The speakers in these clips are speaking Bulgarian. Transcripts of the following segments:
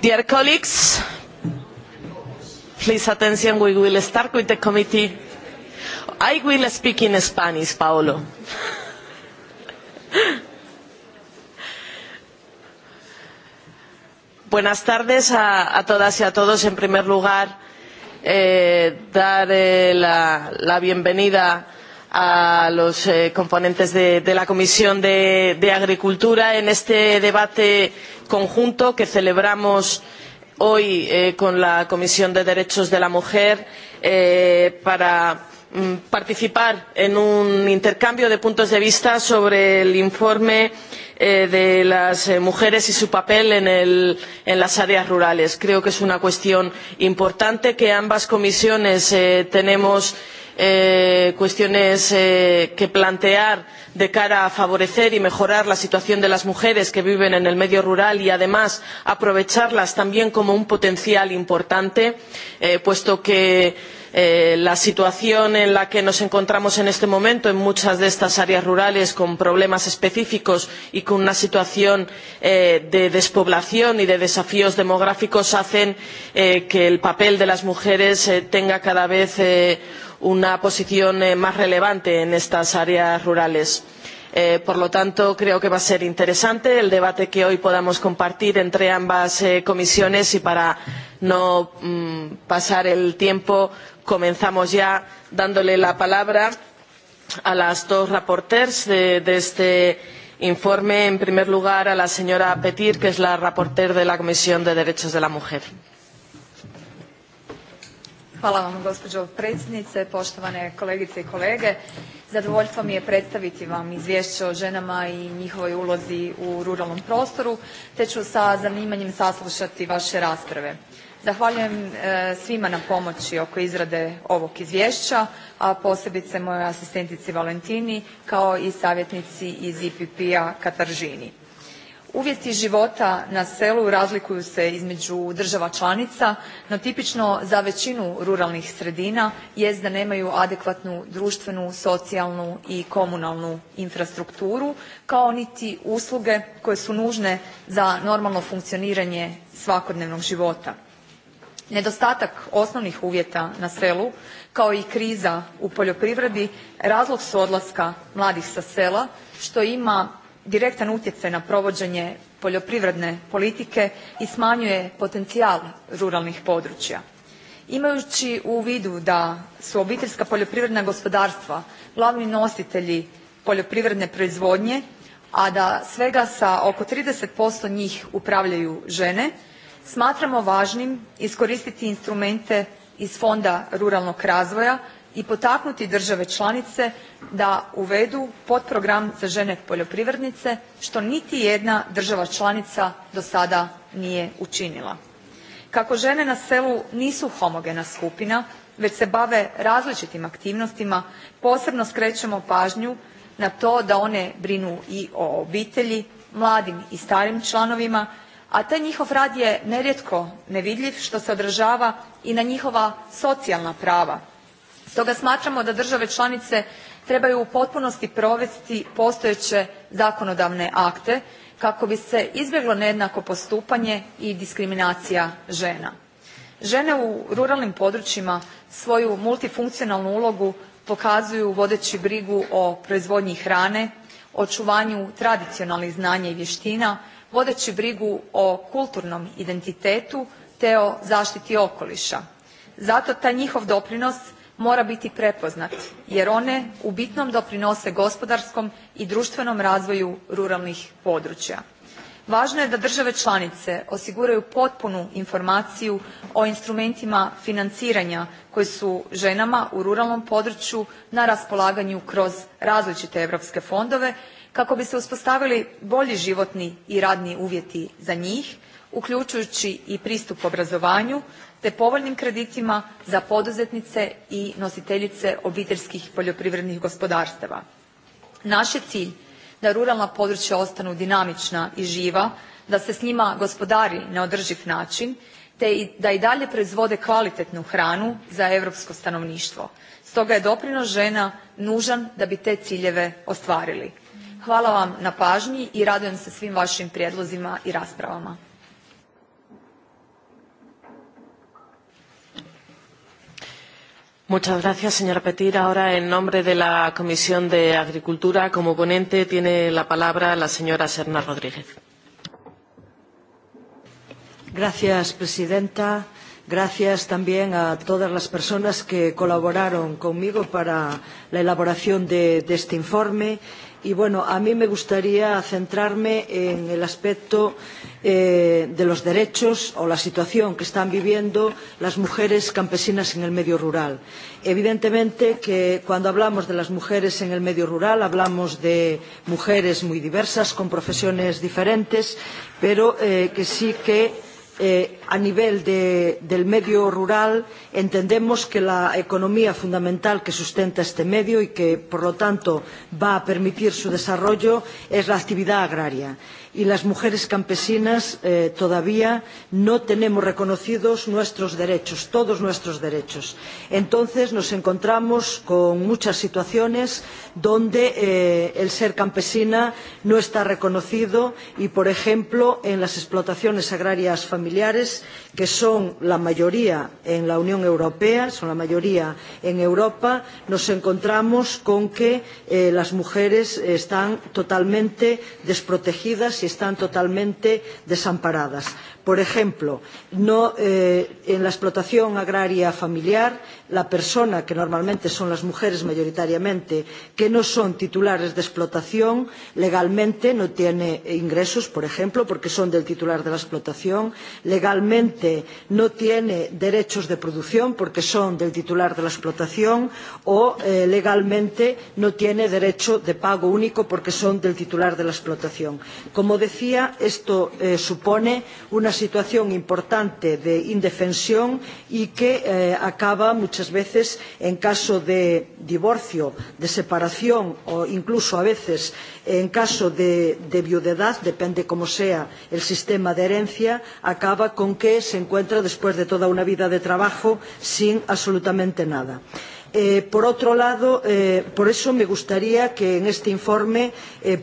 Dear colleagues, please attention, we will start with the committee. I will speak in Spanish, Paolo. Buenas tardes a, a todas y a todos. En primer lugar, eh, dar eh, la, la bienvenida a a los eh, componentes de, de la Comisión de, de Agricultura en este debate conjunto que celebramos hoy eh, con la Comisión de Derechos de la Mujer eh, para participar en un intercambio de puntos de vista sobre el informe de las mujeres y su papel en, las áreas rurales. Creo que es una cuestión importante que ambas comisiones tenemos que cuestiones que plantear de cara a favorecer y mejorar la situación de las mujeres que viven en el medio rural y además aprovecharlas también como un potencial importante puesto que la situación en la que nos encontramos en este momento en muchas de estas áreas rurales con problemas específicos y con una situación de despoblación y de desafíos demográficos hace que el papel de las mujeres tenga cada vez una posición más relevante en estas áreas rurales por lo tanto, creo que va a ser interesante el debate que hoy podamos compartir entre ambas comisiones y para no pasar el tiempo comenzamos ya dándole la palabra a las dos ponentes de, este informe. En primer lugar, a la señora Petir, que es la ponente de la Comisión de Derechos de la Mujer. Hvala vam gospođo predsjednice, poštovane kolegice i kolege. Zadovoljstvo mi je predstaviti vam izvješće o ženama i njihovoj ulozi u ruralnom prostoru, te ću sa zanimanjem saslušati vaše rasprave. Zahvaljujem svima na pomoći oko izrade ovog izvješća, a posebice mojoj asistentici Valentini kao i savjetnici iz IPP-a Kataržini. Uvjeti života na selu razlikuju se između država članica, no tipično za većinu ruralnih sredina jest da nemaju adekvatnu društvenu, socijalnu i komunalnu infrastrukturu kao niti usluge koje su nužne za normalno funkcioniranje svakodnevnog života. Nedostatak osnovnih uvjeta na selu kao i kriza u poljoprivredi razlog su odlaska mladih sa sela što ima direktan utjecaj na provođenje poljoprivredne politike i smanjuje potencijal ruralnih područja. Imajući u vidu da su obiteljska poljoprivredna gospodarstva glavni nositelji poljoprivredne proizvodnje, a da svega sa oko 30% njih upravljaju žene, smatramo važnim iskoristiti instrumente iz Fonda ruralnog razvoja i potaknuti države članice da uvedu potprogram za žene poljoprivrednice što niti jedna država članica do sada nije učinila. Kako žene na selu nisu homogena skupina već se bave različitim aktivnostima posebno skrećemo pažnju na to da one brinu i o obitelji, mladim i starim članovima, a taj njihov rad je nerijetko nevidljiv što se odražava i na njihova socijalna prava stoga smatramo da drave lanice trebaju u potpunosti provesti postojee zakonodavne akte kako bi se izbjeglo nejednako postupanje i diskriminacija ena. ene u ruralnim podrujima svoju multifunkcionalnu ulogu pokazuju vodei brigu o proizvodnji hrane ouvanju tradicionalnih znanja i vjetina vodei brigu o kulturnom identitetu te o zatiti okolia. zato taj njihov doprinos mora biti prepoznat jer one u bitnom doprinose gospodarskom i društvenom razvoju ruralnih područja. Važno je da države članice osiguraju potpunu informaciju o instrumentima financiranja koji su ženama u ruralnom području na raspolaganju kroz različite europske fondove kako bi se uspostavili bolji životni i radni uvjeti za njih uključujući i pristup obrazovanju te povoljnim kreditima za poduzetnice i nositeljice obiteljskih poljoprivrednih gospodarstava. Naš je cilj da ruralna područja ostanu dinamična i živa, da se s njima gospodari na održiv način te da i dalje proizvode kvalitetnu hranu za europsko stanovništvo. Stoga je doprinos žena nužan da bi te ciljeve ostvarili. Hvala vam na pažnji i radujem se svim vašim prijedlozima i raspravama. Muchas gracias, señora Petir. Ahora, en nombre de la Comisión de Agricultura, como ponente, tiene la palabra la señora Serna Rodríguez. Gracias, presidenta. Gracias también a todas las personas que colaboraron conmigo para la elaboración de, de este informe. Y bueno, a mí me gustaría centrarme en el aspecto eh, de los derechos o la situación que están viviendo las mujeres campesinas en el medio rural. Evidentemente que cuando hablamos de las mujeres en el medio rural hablamos de mujeres muy diversas, con profesiones diferentes, pero eh, que sí que a nivel del medio rural entendemos que la economía fundamental que sustenta este medio y que por lo tanto va a permitir su desarrollo es la actividad agraria y las mujeres campesinas todavía no tenemos reconocidos nuestros derechos, todos nuestros derechos. Entonces nos encontramos con muchas situaciones donde el ser campesina no está reconocido y, por ejemplo, en las explotaciones agrarias familiares, que son la mayoría en la Unión Europea, son la mayoría en Europa, nos encontramos con que las mujeres están totalmente desprotegidas y están totalmente desamparadas. Por ejemplo, en la explotación agraria familiar la persona, que normalmente son las mujeres mayoritariamente, que no son titulares de explotación, legalmente no tiene ingresos, por ejemplo, porque son del titular de la explotación, legalmente no tiene derechos de producción porque son del titular de la explotación o legalmente no tiene derecho de pago único porque son del titular de la explotación. Como decía, esto supone una situación importante de indefensión y que acaba muchas muchas veces en caso de divorcio, de separación o incluso a veces en caso de, viudedad, depende cómo sea el sistema de herencia, acaba con que se encuentra después de toda una vida de trabajo sin absolutamente nada. Eh, por otro lado, por eso me gustaría que en este informe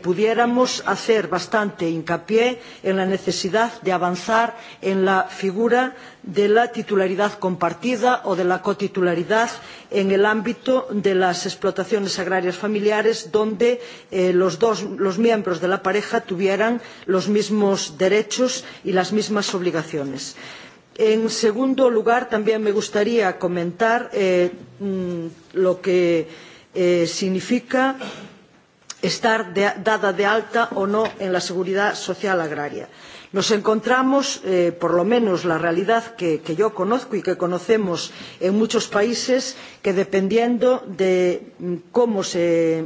pudiéramos hacer bastante hincapié en la necesidad de avanzar en la figura de la titularidad compartida o de la cotitularidad en el ámbito de las explotaciones agrarias familiares donde los, miembros de la pareja tuvieran los mismos derechos y las mismas obligaciones. Eh, En segundo lugar, también me gustaría comentar lo que significa estar dada de alta o no en la seguridad social agraria. Nos encontramos, por lo menos la realidad que, yo conozco y que conocemos en muchos países, que dependiendo de cómo se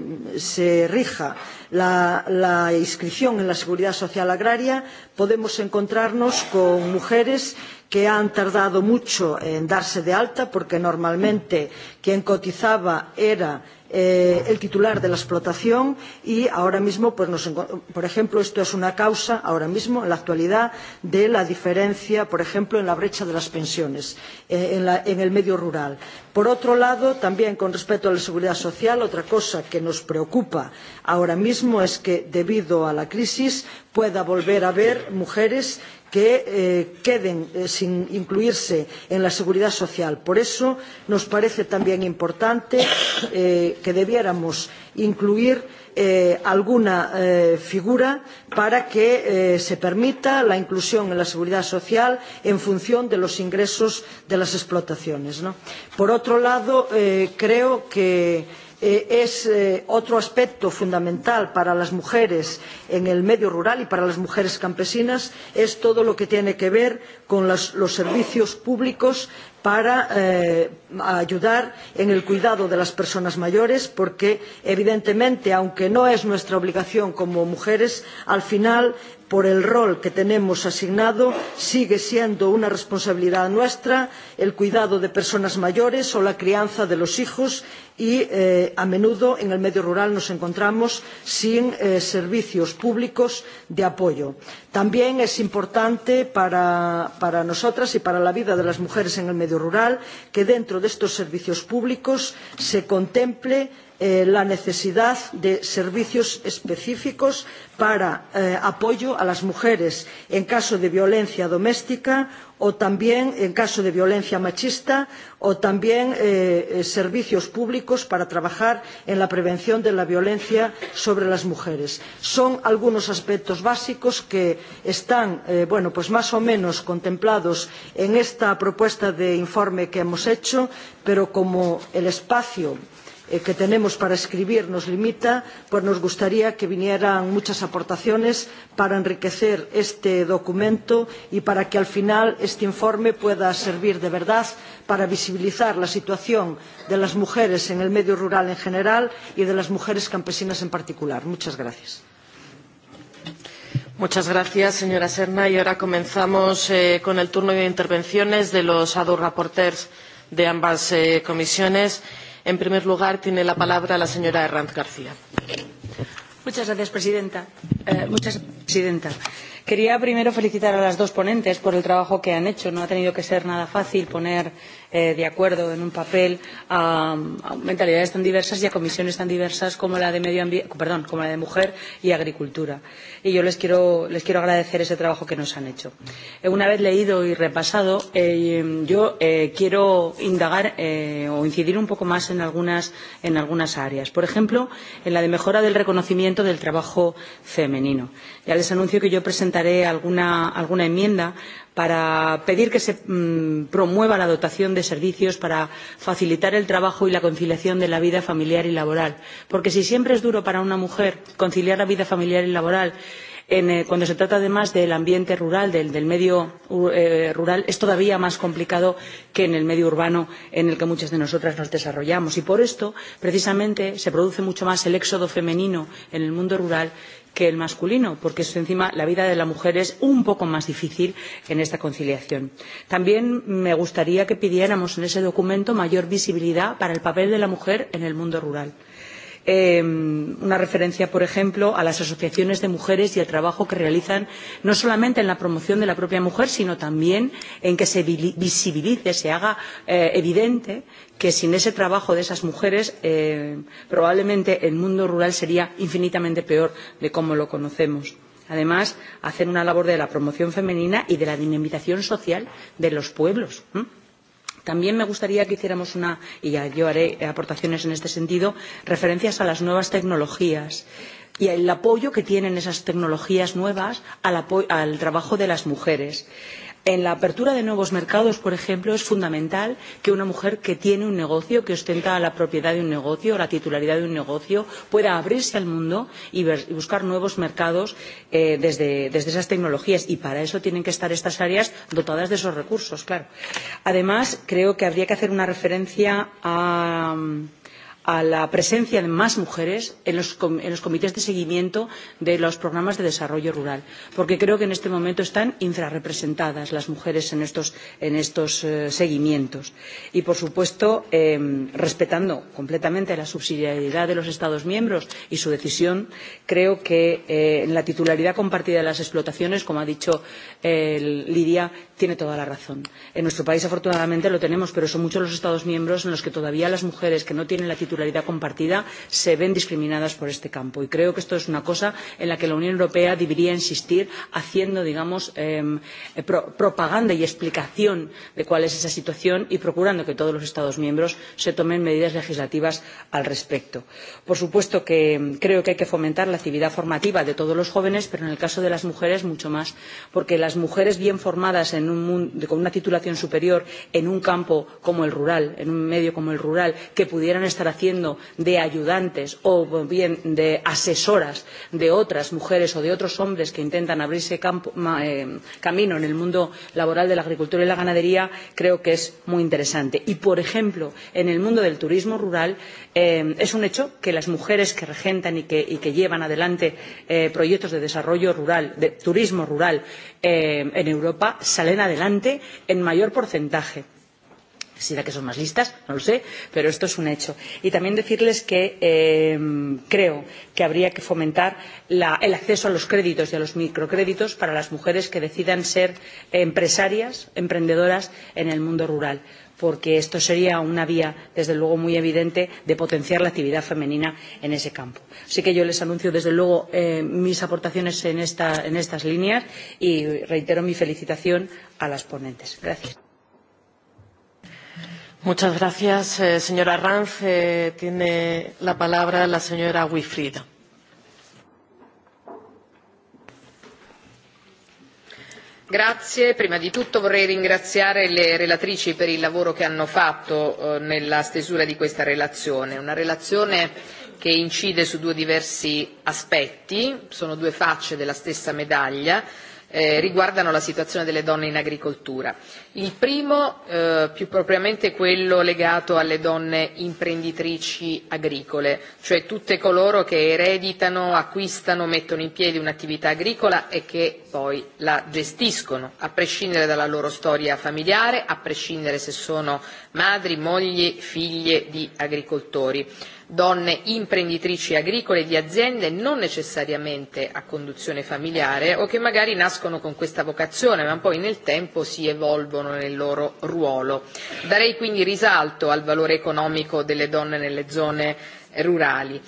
rija la inscripción en la seguridad social agraria, podemos encontrarnos con mujeres que que han tardado mucho en darse de alta porque normalmente quien cotizaba era el titular de la explotación y ahora mismo por ejemplo esto es una causa ahora mismo en la actualidad de la diferencia por ejemplo en la brecha de las pensiones en el medio rural. por otro lado también con respecto a la seguridad social otra cosa que nos preocupa ahora mismo es que debido a la crisis pueda volver a haber mujeres que que queden sin incluirse en la seguridad social. Por eso nos parece también importante que debiéramos incluir alguna figura para que se permita la inclusión en la seguridad social en función de los ingresos de las explotaciones. Por otro lado, creo que es otro aspecto fundamental para las mujeres en el medio rural y para las mujeres campesinas es todo lo que tiene que ver con los servicios públicos para ayudar en el cuidado de las personas mayores porque evidentemente aunque no es nuestra obligación como mujeres al final por el rol que tenemos asignado sigue siendo una responsabilidad nuestra el cuidado de personas mayores o la crianza de los hijos y a menudo en el medio rural nos encontramos sin servicios públicos de apoyo. También es importante para, nosotras y para la vida de las mujeres en el medio rural que dentro de estos servicios públicos se contemple la necesidad de servicios específicos para apoyo a las mujeres en caso de violencia doméstica o también en caso de violencia machista o también servicios públicos para trabajar en la prevención de la violencia sobre las mujeres. Son algunos aspectos básicos que están más o menos contemplados en esta propuesta de informe que hemos hecho, pero como el espacio que tenemos para escribir nos limita, pues nos gustaría que vinieran muchas aportaciones para enriquecer este documento y para que al final este informe pueda servir de verdad para visibilizar la situación de las mujeres en el medio rural en general y de las mujeres campesinas en particular. Muchas gracias. Muchas gracias, señora Serna. Y ahora comenzamos con el turno de intervenciones de los shadow rapporteurs de ambas comisiones en primer lugar tiene la palabra la señora garcía. señora presidenta quería primero felicitar a las dos ponentes por el trabajo que han hecho. no ha tenido que ser nada fácil poner eh, de acuerdo en un papel a, a mentalidades tan diversas y a comisiones tan diversas como la de medio ambiente, perdón, como la de mujer y agricultura. Y yo les quiero, les quiero agradecer ese trabajo que nos han hecho. Eh, una vez leído y repasado, eh, yo eh, quiero indagar eh, o incidir un poco más en algunas, en algunas áreas. Por ejemplo, en la de mejora del reconocimiento del trabajo femenino. Ya les anuncio que yo presentaré alguna, alguna enmienda para pedir que se promueva la dotación de servicios para facilitar el trabajo y la conciliación de la vida familiar y laboral. Porque si siempre es duro para una mujer conciliar la vida familiar y laboral, cuando se trata además del ambiente rural, del, medio rural, es todavía más complicado que en el medio urbano en el que muchas de nosotras nos desarrollamos. Y por esto, precisamente, se produce mucho más el éxodo femenino en el mundo rural que el masculino, porque es encima la vida de la mujer es un poco más difícil en esta conciliación. También me gustaría que pidiéramos en ese documento mayor visibilidad para el papel de la mujer en el mundo rural una referencia, por ejemplo, a las asociaciones de mujeres y al trabajo que realizan no solamente en la promoción de la propia mujer, sino también en que se visibilice, se haga evidente que sin ese trabajo de esas mujeres probablemente el mundo rural sería infinitamente peor de como lo conocemos además hacer una labor de la promoción femenina y de la dinamización social de los pueblos. También me gustaría que hiciéramos una, y yo haré aportaciones en este sentido, referencias a las nuevas tecnologías y al apoyo que tienen esas tecnologías nuevas al, trabajo de las mujeres. En la apertura de nuevos mercados, por ejemplo, es fundamental que una mujer que tiene un negocio, que ostenta la propiedad de un negocio, la titularidad de un negocio, pueda abrirse al mundo y, buscar nuevos mercados desde, esas tecnologías. Y para eso tienen que estar estas áreas dotadas de esos recursos, claro. Además, creo que habría que hacer una referencia a. Um, a la presencia de más mujeres en los, comités de seguimiento de los programas de desarrollo rural, porque creo que en este momento están infrarrepresentadas las mujeres en estos, seguimientos. Y, por supuesto, respetando completamente la subsidiariedad de los Estados miembros y su decisión, creo que en la titularidad compartida de las explotaciones, como ha dicho Lidia, tiene toda la razón. En nuestro país, afortunadamente, lo tenemos, pero son muchos los Estados miembros en los que todavía las mujeres que no tienen la titularidad titularidad compartida se ven discriminadas por este campo. Y creo que esto es una cosa en la que la Unión Europea debería insistir haciendo, digamos, propaganda y explicación de cuál es esa situación y procurando que todos los Estados miembros se tomen medidas legislativas al respecto. Por supuesto que creo que hay que fomentar la actividad formativa de todos los jóvenes, pero en el caso de las mujeres mucho más, porque las mujeres bien formadas en un, con una titulación superior en un campo como el rural, en un medio como el rural, que pudieran estar haciendo de ayudantes o bien de asesoras de otras mujeres o de otros hombres que intentan abrirse camino en el mundo laboral de la agricultura y la ganadería creo que es muy interesante. Y, por ejemplo, en el mundo del turismo rural es un hecho que las mujeres que regentan y que, llevan adelante proyectos de desarrollo rural, de turismo rural en Europa, salen adelante en mayor porcentaje será que son más listas, no lo sé, pero esto es un hecho. Y también decirles que eh, creo que habría que fomentar la, el acceso a los créditos y a los microcréditos para las mujeres que decidan ser empresarias, emprendedoras en el mundo rural porque esto sería una vía, desde luego, muy evidente de potenciar la actividad femenina en ese campo. Así que yo les anuncio, desde luego, eh, mis aportaciones en, esta, en estas líneas y reitero mi felicitación a las ponentes. Gracias tiene la Prima di tutto vorrei ringraziare le relatrici per il lavoro che hanno fatto nella stesura di questa relazione. Una relazione che incide su due diversi aspetti, sono due facce della stessa medaglia, riguardano la situazione delle donne in agricoltura. Il primo, eh, più propriamente, è quello legato alle donne imprenditrici agricole, cioè tutte coloro che ereditano, acquistano, mettono in piedi un'attività agricola e che poi la gestiscono, a prescindere dalla loro storia familiare, a prescindere se sono madri, mogli, figlie di agricoltori donne imprenditrici agricole di aziende non necessariamente a conduzione familiare o che magari nascono con questa vocazione ma poi nel tempo si evolvono svolgono nel loro ruolo. Darei quindi risalto al valore economico delle donne nelle zone rurali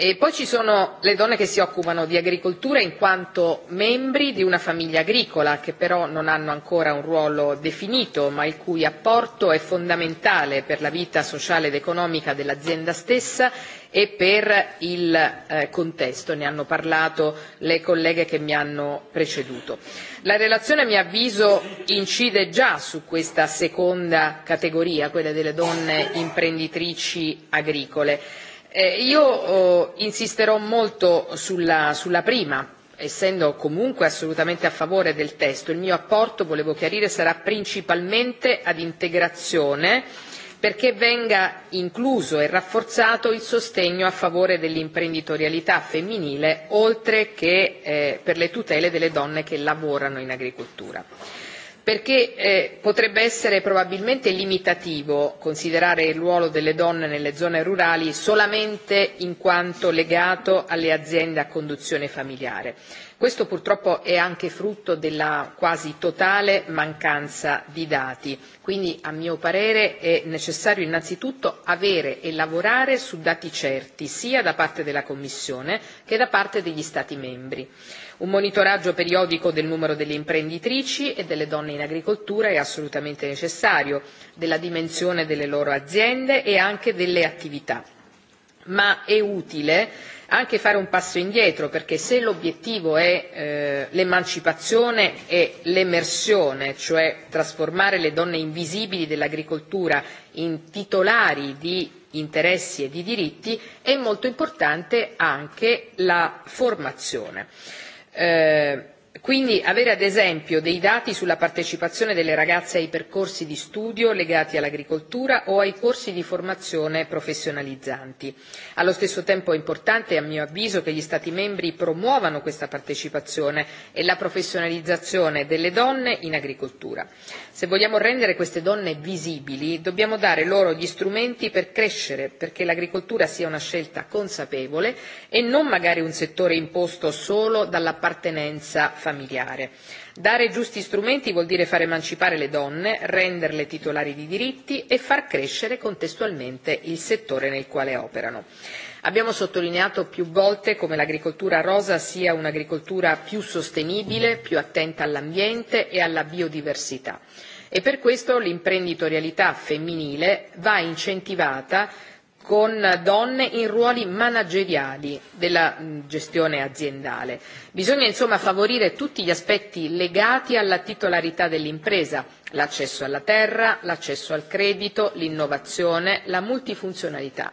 E poi ci sono le donne che si occupano di agricoltura in quanto membri di una famiglia agricola, che però non hanno ancora un ruolo definito, ma il cui apporto è fondamentale per la vita sociale ed economica dell'azienda stessa e per il contesto, ne hanno parlato le colleghe che mi hanno preceduto. La relazione, a mio avviso, incide già su questa seconda categoria, quella delle donne imprenditrici agricole io insisterò molto sulla, prima, essendo comunque assolutamente a favore del testo. Il mio apporto, volevo chiarire, sarà principalmente ad integrazione perché venga incluso e rafforzato il sostegno a favore dell'imprenditorialità femminile, oltre che per le tutele delle donne che lavorano in agricoltura perché eh, potrebbe essere probabilmente limitativo considerare il ruolo delle donne nelle zone rurali solamente in quanto legato alle aziende a conduzione familiare. Questo purtroppo è anche frutto della quasi totale mancanza di dati, quindi a mio parere è necessario innanzitutto avere e lavorare su dati certi sia da parte della Commissione che da parte degli Stati membri Un monitoraggio periodico del numero delle imprenditrici e delle donne in agricoltura è assolutamente necessario, della dimensione delle loro aziende e anche delle attività. Ma è utile anche fare un passo indietro perché se l'obiettivo è l'emancipazione e l'emersione, cioè trasformare le donne invisibili dell'agricoltura in titolari di interessi e di diritti, è molto importante anche la formazione eh, Quindi avere ad esempio dei dati sulla partecipazione delle ragazze ai percorsi di studio legati all'agricoltura o ai corsi di formazione professionalizzanti. Allo stesso tempo è importante, a mio avviso, che gli Stati membri promuovano questa partecipazione e la professionalizzazione delle donne in agricoltura. Se vogliamo rendere queste donne visibili, dobbiamo dare loro gli strumenti per crescere, perché l'agricoltura sia una scelta consapevole e non magari un settore imposto solo dall'appartenenza familiare. Dare giusti strumenti vuol dire far emancipare le donne, renderle titolari di diritti e far crescere contestualmente il settore nel quale operano. Abbiamo sottolineato più volte come l'agricoltura rosa sia un'agricoltura più sostenibile, più attenta all'ambiente e alla biodiversità e per questo l'imprenditorialità femminile va incentivata con donne in ruoli manageriali della gestione aziendale. Bisogna insomma favorire tutti gli aspetti legati alla titolarità dell'impresa, l'accesso alla terra, l'accesso al credito, l'innovazione, la multifunzionalità.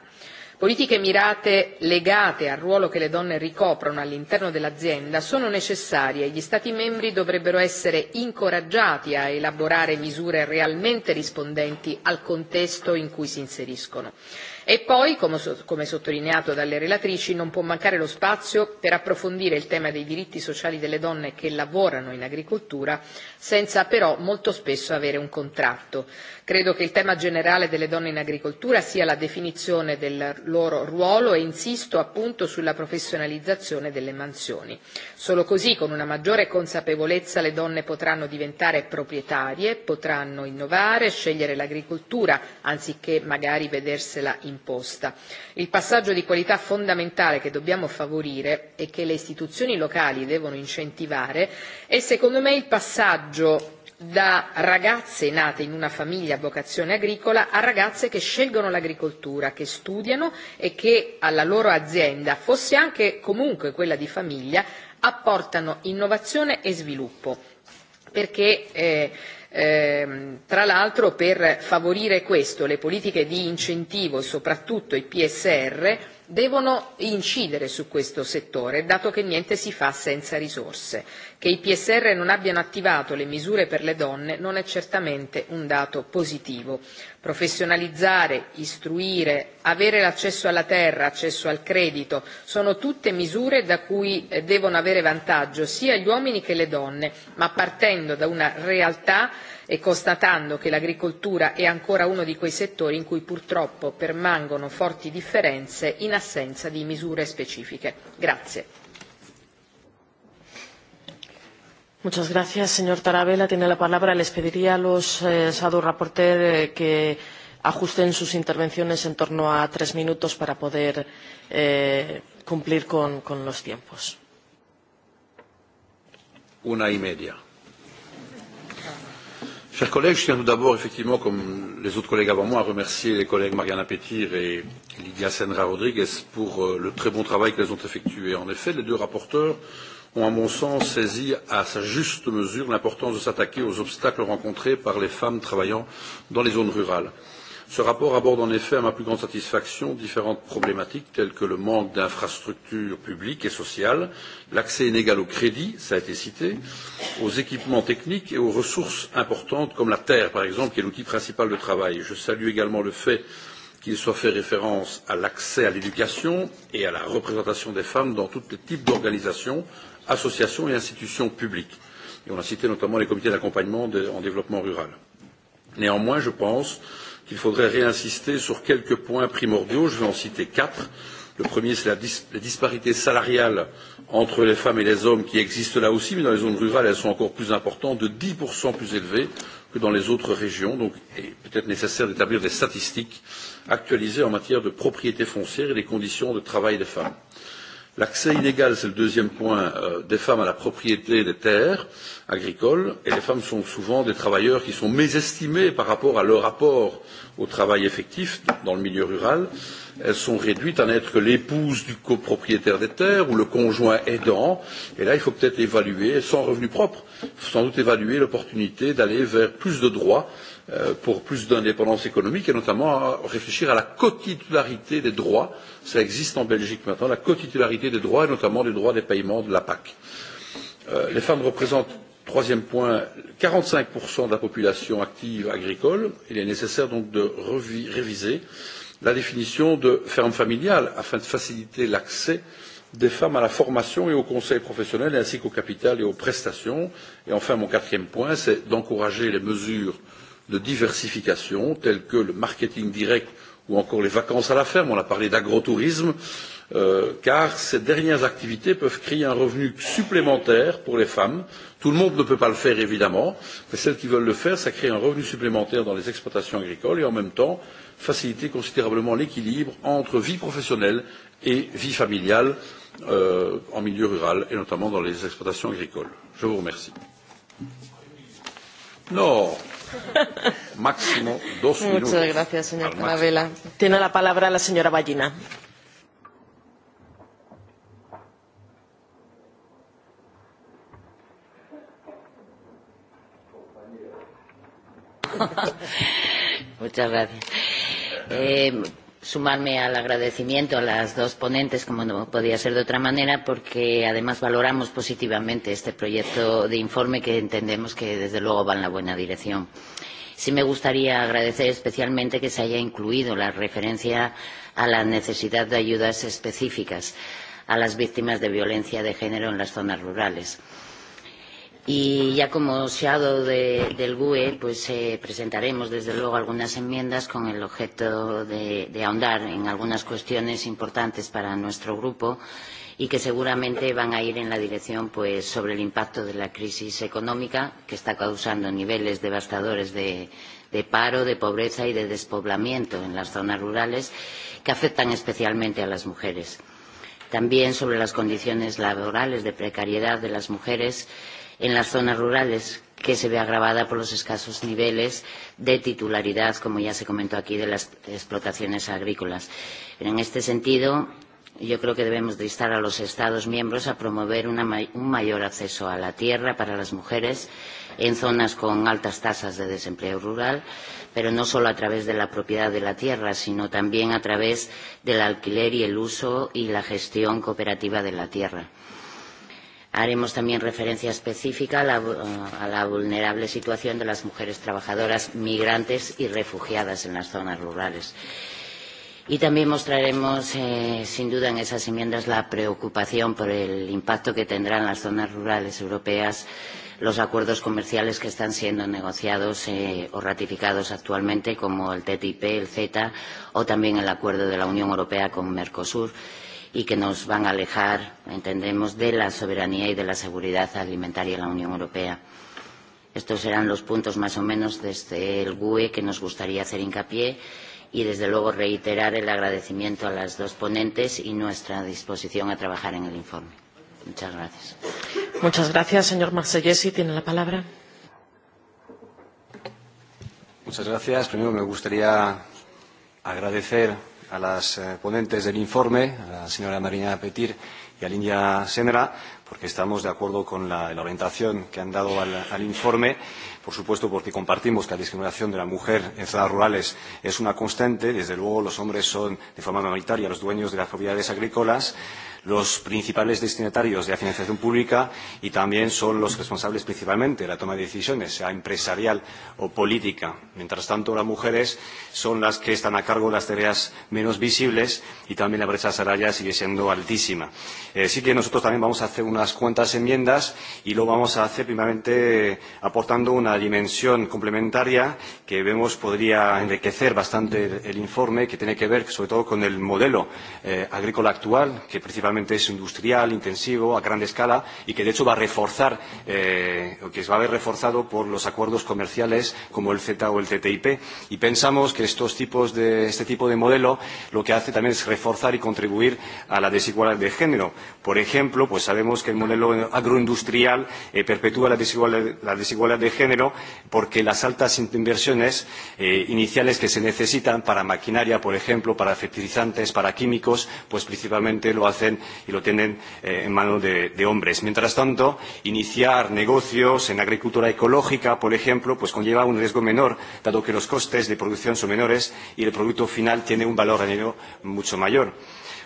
Politiche mirate legate al ruolo che le donne ricoprono all'interno dell'azienda sono necessarie e gli Stati membri dovrebbero essere incoraggiati a elaborare misure realmente rispondenti al contesto in cui si inseriscono. E poi, come sottolineato dalle relatrici, non può mancare lo spazio per approfondire il tema dei diritti sociali delle donne che lavorano in agricoltura senza però molto spesso avere un contratto credo che il tema generale delle donne in agricoltura sia la definizione del loro ruolo e insisto appunto sulla professionalizzazione delle mansioni. Solo così, con una maggiore consapevolezza, le donne potranno diventare proprietarie, potranno innovare, scegliere l'agricoltura anziché magari vedersela imposta. Il passaggio di qualità fondamentale che dobbiamo favorire e che le istituzioni locali devono incentivare è secondo me il passaggio da ragazze nate in una famiglia a vocazione agricola a ragazze che scelgono l'agricoltura, che studiano e che alla loro azienda, fosse anche comunque quella di famiglia, apportano innovazione e sviluppo perché eh, tra l'altro per favorire questo le politiche di incentivo e soprattutto i PSR devono incidere su questo settore, dato che niente si fa senza risorse. Che i PSR non abbiano attivato le misure per le donne non è certamente un dato positivo. Professionalizzare, istruire, avere l'accesso alla terra, accesso al credito, sono tutte misure da cui devono avere vantaggio sia gli uomini che le donne, ma partendo da una realtà e constatando che l'agricoltura è ancora uno di quei settori in cui purtroppo permangono forti differenze in assenza di misure specifiche. Grazie. Muchas gracias, señor Tarabella. Tiene la palabra. Les pediría a los ponentes alternativos que ajusten sus intervenciones en torno a tres minutos para poder cumplir con, los tiempos. Una y media. Chers collègues, je tiens tout d'abord, effectivement, comme les autres collègues avant moi, à remercier les collègues Mariana Petir et Lidia Senra Rodriguez pour le très bon travail qu'elles ont effectué. En effet, les deux rapporteurs ont, à mon sens, saisi à sa juste mesure l'importance de s'attaquer aux obstacles rencontrés par les femmes travaillant dans les zones rurales. Ce rapport aborde en effet, à ma plus grande satisfaction, différentes problématiques telles que le manque d'infrastructures publiques et sociales, l'accès inégal au crédit, cela a été cité, aux équipements techniques et aux ressources importantes comme la terre, par exemple, qui est l'outil principal de travail. Je salue également le fait qu'il soit fait référence à l'accès à l'éducation et à la représentation des femmes dans tous les types d'organisations, associations et institutions publiques. Et on a cité notamment les comités d'accompagnement en développement rural. Néanmoins, je pense qu'il faudrait réinsister sur quelques points primordiaux. Je vais en citer quatre. Le premier, c'est la dis les disparités salariales entre les femmes et les hommes qui existent là aussi, mais dans les zones rurales, elles sont encore plus importantes, de 10% plus élevées que dans les autres régions. Donc, il est peut-être nécessaire d'établir des statistiques actualisées en matière de propriété foncière et des conditions de travail des femmes. L'accès illégal, c'est le deuxième point, euh, des femmes à la propriété des terres agricoles. Et les femmes sont souvent des travailleurs qui sont mésestimés par rapport à leur rapport au travail effectif dans le milieu rural. Elles sont réduites à n'être que l'épouse du copropriétaire des terres ou le conjoint aidant. Et là, il faut peut-être évaluer, sans revenu propre, sans doute évaluer l'opportunité d'aller vers plus de droits pour plus d'indépendance économique et notamment à réfléchir à la cotitularité des droits. Ça existe en Belgique maintenant, la cotitularité des droits et notamment des droits des paiements de la PAC. les femmes représentent, troisième point, quarante cinq de la population active agricole. Il est nécessaire donc de réviser la définition de ferme familiale afin de faciliter l'accès des femmes à la formation et au conseil professionnel ainsi qu'au capital et aux prestations. Et enfin, mon quatrième point, c'est d'encourager les mesures de diversification telles que le marketing direct ou encore les vacances à la ferme, on a parlé d'agrotourisme, car ces dernières activités peuvent créer un revenu supplémentaire pour les femmes. Tout le monde ne peut pas le faire évidemment, mais celles qui veulent le faire, cela crée un revenu supplémentaire dans les exploitations agricoles et en même temps faciliter considérablement l'équilibre entre vie professionnelle et vie familiale en milieu rural et notamment dans les exploitations agricoles. Je vous remercie. Non. Máximo dos minutos. Muchas gracias, señor Canavela. Tiene la palabra la señora Ballina. Muchas gracias. Eh, sumarme al agradecimiento a las dos ponentes, como no podía ser de otra manera, porque además valoramos positivamente este proyecto de informe que entendemos que desde luego va en la buena dirección. Sí me gustaría agradecer especialmente que se haya incluido la referencia a la necesidad de ayudas específicas a las víctimas de violencia de género en las zonas rurales. Y ya como seado de, del GUE, pues eh, presentaremos desde luego algunas enmiendas con el objeto de, de ahondar en algunas cuestiones importantes para nuestro grupo y que seguramente van a ir en la dirección pues, sobre el impacto de la crisis económica que está causando niveles devastadores de, de paro, de pobreza y de despoblamiento en las zonas rurales que afectan especialmente a las mujeres. También sobre las condiciones laborales de precariedad de las mujeres en las zonas rurales que se ve agravada por los escasos niveles de titularidad, como ya se comentó aquí, de las explotaciones agrícolas. En este sentido, yo creo que debemos de instar a los Estados miembros a promover una, un mayor acceso a la tierra para las mujeres en zonas con altas tasas de desempleo rural, pero no solo a través de la propiedad de la tierra, sino también a través del alquiler y el uso y la gestión cooperativa de la tierra. Haremos también referencia específica a la, a la vulnerable situación de las mujeres trabajadoras migrantes y refugiadas en las zonas rurales. Y también mostraremos, eh, sin duda, en esas enmiendas la preocupación por el impacto que tendrán las zonas rurales europeas los acuerdos comerciales que están siendo negociados eh, o ratificados actualmente, como el TTIP, el CETA o también el acuerdo de la Unión Europea con Mercosur y que nos van a alejar, entendemos, de la soberanía y de la seguridad alimentaria en la Unión Europea. Estos serán los puntos más o menos desde el GUE que nos gustaría hacer hincapié y desde luego reiterar el agradecimiento a las dos ponentes y nuestra disposición a trabajar en el informe. Muchas gracias. Muchas gracias, señor Marsellesi. Tiene la palabra. Muchas gracias. Primero me gustaría agradecer a las ponentes del informe, a la señora Marina Petir y a Lindia Senra, porque estamos de acuerdo con la, la orientación que han dado al, al informe, por supuesto porque compartimos que la discriminación de la mujer en zonas rurales es una constante, desde luego los hombres son de forma mayoritaria los dueños de las propiedades agrícolas, los principales destinatarios de la financiación pública y también son los responsables principalmente de la toma de decisiones, sea empresarial o política. Mientras tanto, las mujeres son las que están a cargo de las tareas menos visibles y también la brecha salarial sigue siendo altísima. Eh, sí que nosotros también vamos a hacer unas cuantas enmiendas y lo vamos a hacer primeramente aportando una dimensión complementaria que vemos podría enriquecer bastante el informe, que tiene que ver sobre todo con el modelo eh, agrícola actual, que principalmente seguramente es industrial, intensivo, a gran escala y que de hecho va a reforzar, eh, o que se va a ver reforzado por los acuerdos comerciales como el CETA o el TTIP. Y pensamos que estos tipos de, este tipo de modelo lo que hace también es reforzar y contribuir a la desigualdad de género. Por ejemplo, pues sabemos que el modelo agroindustrial eh, perpetúa la desigualdad, la desigualdad de género porque las altas inversiones eh, iniciales que se necesitan para maquinaria, por ejemplo, para fertilizantes, para químicos, pues principalmente lo hacen y lo tienen eh, en manos de, de hombres. Mientras tanto, iniciar negocios en agricultura ecológica, por ejemplo, pues conlleva un riesgo menor, dado que los costes de producción son menores y el producto final tiene un valor añadido mucho mayor.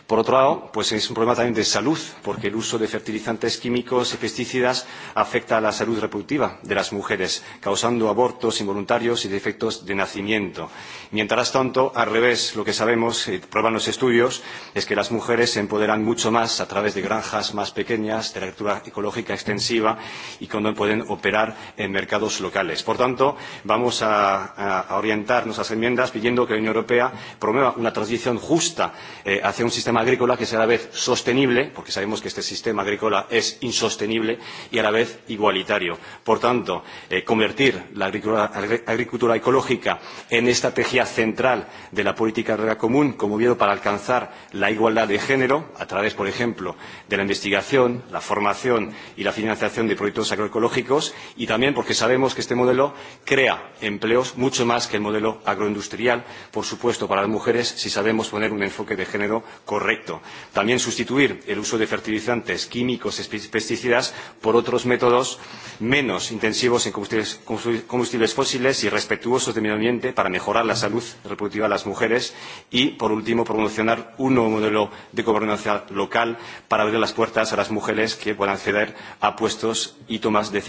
Por otro lado, pues es un problema también de salud, porque el uso de fertilizantes químicos y pesticidas afecta a la salud reproductiva de las mujeres, causando abortos involuntarios y defectos de nacimiento. Mientras tanto, al revés, lo que sabemos, y prueban los estudios, es que las mujeres se empoderan mucho más a través de granjas más pequeñas, de la agricultura ecológica extensiva y cuando pueden operar en mercados locales. Por tanto, vamos a, a orientar nuestras enmiendas pidiendo que la Unión Europea promueva una transición justa eh, hacia un sistema sistema agrícola que sea a la vez sostenible, porque sabemos que este sistema agrícola es insostenible, y a la vez igualitario. Por tanto, convertir la agricultura, ecológica en estrategia central de la política agraria común, como miedo para alcanzar la igualdad de género, a través, por ejemplo, de la investigación, la formación y la financiación de proyectos agroecológicos, y también porque sabemos que este modelo crea empleos mucho más que el modelo agroindustrial, por supuesto, para las mujeres, si sabemos poner un enfoque de género correcto correcto. También sustituir el uso de fertilizantes químicos y pesticidas por otros métodos menos intensivos en combustibles, combustibles fósiles y respetuosos del medio ambiente para mejorar la salud reproductiva de las mujeres y, por último, promocionar un nuevo modelo de gobernanza local para abrir las puertas a las mujeres que puedan acceder a puestos y tomas de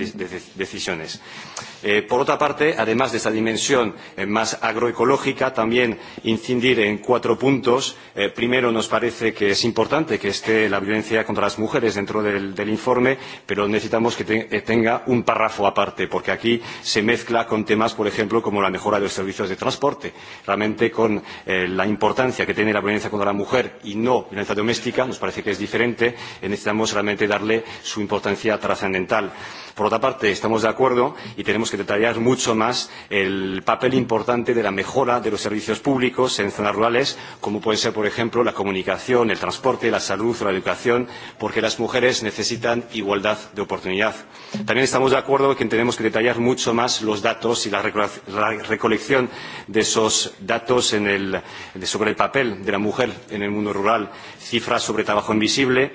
decisiones. Eh, por otra parte, además de esta dimensión eh, más agroecológica, también incidir en cuatro puntos. Eh, primero, nos parece parece que es importante que esté la violencia contra las mujeres dentro del, del informe, pero necesitamos que te, tenga un párrafo aparte, porque aquí se mezcla con temas, por ejemplo, como la mejora de los servicios de transporte. Realmente con eh, la importancia que tiene la violencia contra la mujer y no violencia doméstica, nos parece que es diferente, y necesitamos realmente darle su importancia trascendental. Por otra parte, estamos de acuerdo y tenemos que detallar mucho más el papel importante de la mejora de los servicios públicos en zonas rurales, como puede ser, por ejemplo, la comunicación comunicación, el transporte, la salud o la educación, porque las mujeres necesitan igualdad de oportunidad. También estamos de acuerdo en que tenemos que detallar mucho más los datos y la recolección de esos datos en el, sobre el papel de la mujer en el mundo rural, cifras sobre trabajo invisible,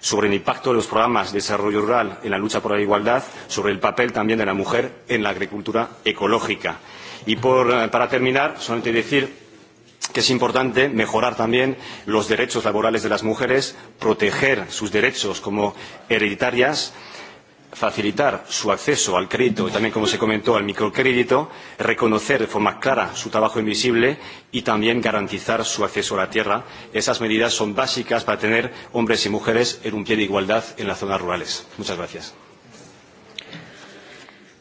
sobre el impacto de los programas de desarrollo rural en la lucha por la igualdad, sobre el papel también de la mujer en la agricultura ecológica. Y por, para terminar, solamente decir que es importante mejorar también los derechos laborales de las mujeres, proteger sus derechos como hereditarias, facilitar su acceso al crédito y también, como se comentó, al microcrédito, reconocer de forma clara su trabajo invisible y también garantizar su acceso a la tierra. Esas medidas son básicas para tener hombres y mujeres en un pie de igualdad en las zonas rurales. Muchas gracias.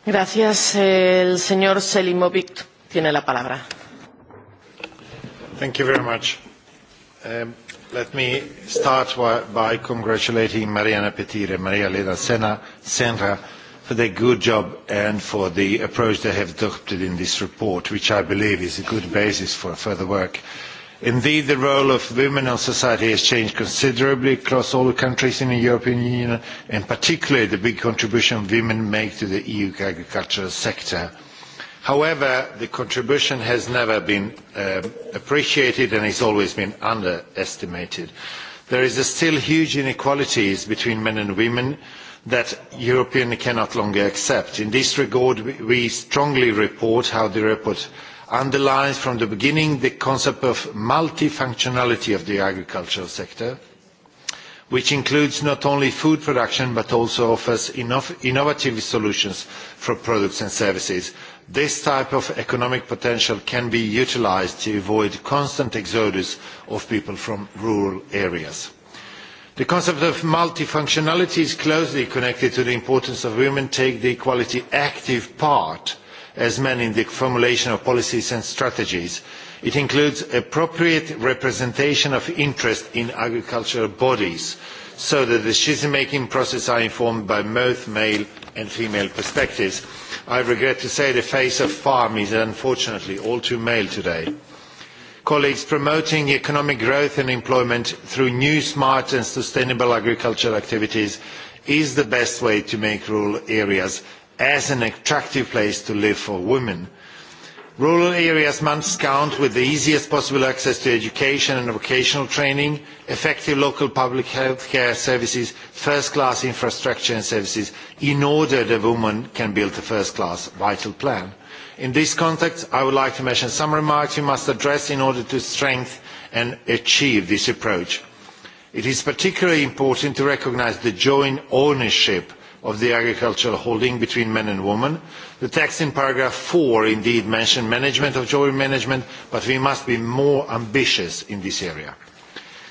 Gracias. El señor Selimovic tiene la palabra. Thank you very much. let me start by congratulating Mariana Petir and Maria Elena Senra for their good job and for the approach they have adopted in this report, which I believe is a good basis for further work. Indeed, the role of women in society has changed considerably across all the countries in the European Union, and particularly the big contribution women make to the EU agricultural sector – However, the contribution has never been appreciated and has always been underestimated. There is still huge inequalities between men and women that Europeans cannot longer accept. In this regard, we strongly report how the report underlines from the beginning the concept of multifunctionality of the agricultural sector, which includes not only food production but also offers innovative solutions for products and services This type of economic potential can be utilised to avoid constant exodus of people from rural areas. The concept of multifunctionality is closely connected to the importance of women take the equality active part as men in the formulation of policies and strategies. It includes appropriate representation of interest in agricultural bodies so that the decision-making process are informed by both male and female perspectives. I regret to say the face of farm is unfortunately all too male today. Colleagues, promoting economic growth and employment through new, smart and sustainable agricultural activities is the best way to make rural areas as an attractive place to live for women – Rural areas must count with the easiest possible access to education and vocational training, effective local public health care services, first-class infrastructure and services, in order that women can build a first-class vital plan. In this context, I would like to mention some remarks we must address in order to strengthen and achieve this approach. It is particularly important to recognise the joint ownership of the agricultural holding between men and women. The text in paragraph four indeed mentioned management of joint management, but we must be more ambitious in this area.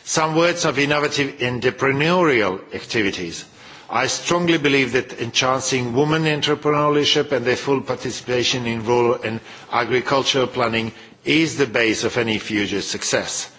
Some words of innovative entrepreneurial activities. I strongly believe that enhancing women entrepreneurship and their full participation in rural and agricultural planning is the base of any future success.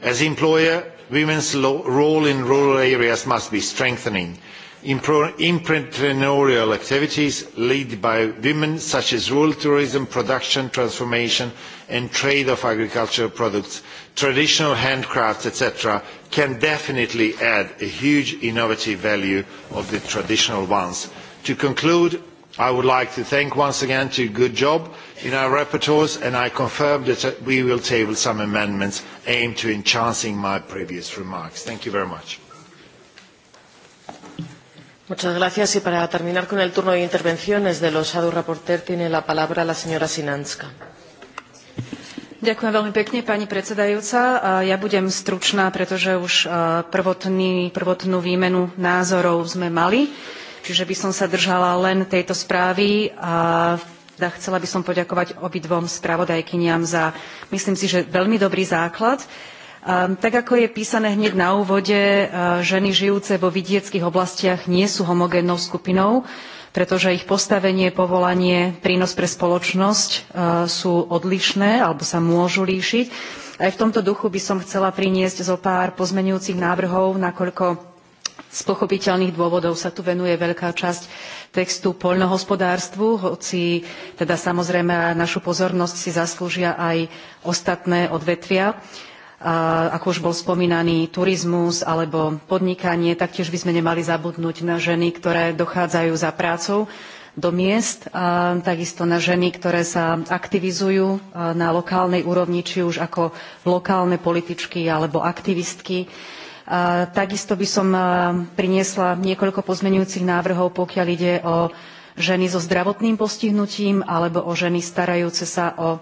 As employer, women's role in rural areas must be strengthened entrepreneurial activities led by women such as rural tourism, production, transformation and trade of agricultural products, traditional handcrafts, etc., can definitely add a huge innovative value of the traditional ones. To conclude, I would like to thank once again to good job in our rapporteurs, and I confirm that we will table some amendments aimed to enhancing my previous remarks. Thank you very much. Muchas gracias. Y para terminar con el turno de intervenciones de los shadow tiene la palabra la señora Sinanska. Ďakujem veľmi pekne, pani predsedajúca. Ja budem stručná, pretože už prvotný, prvotnú výmenu názorov sme mali, čiže by som sa držala len tejto správy. A chcela by som poďakovať obidvom spravodajkyniam za, myslím si, že veľmi dobrý základ. Tak ako je písané hneď na úvode, ženy žijúce vo vidieckých oblastiach nie sú homogénnou skupinou, pretože ich postavenie, povolanie, prínos pre spoločnosť sú odlišné alebo sa môžu líšiť. Aj v tomto duchu by som chcela priniesť zo pár pozmenujúcich návrhov, nakoľko z pochopiteľných dôvodov sa tu venuje veľká časť textu poľnohospodárstvu, hoci teda samozrejme našu pozornosť si zaslúžia aj ostatné odvetvia. Uh, ako už bol spomínaný turizmus alebo podnikanie, taktiež by sme nemali zabudnúť na ženy, ktoré dochádzajú za prácou do miest, a takisto na ženy, ktoré sa aktivizujú na lokálnej úrovni, či už ako lokálne političky alebo aktivistky. Takisto by som priniesla niekoľko pozmenujúcich návrhov, pokiaľ ide o ženy so zdravotným postihnutím alebo o ženy starajúce sa o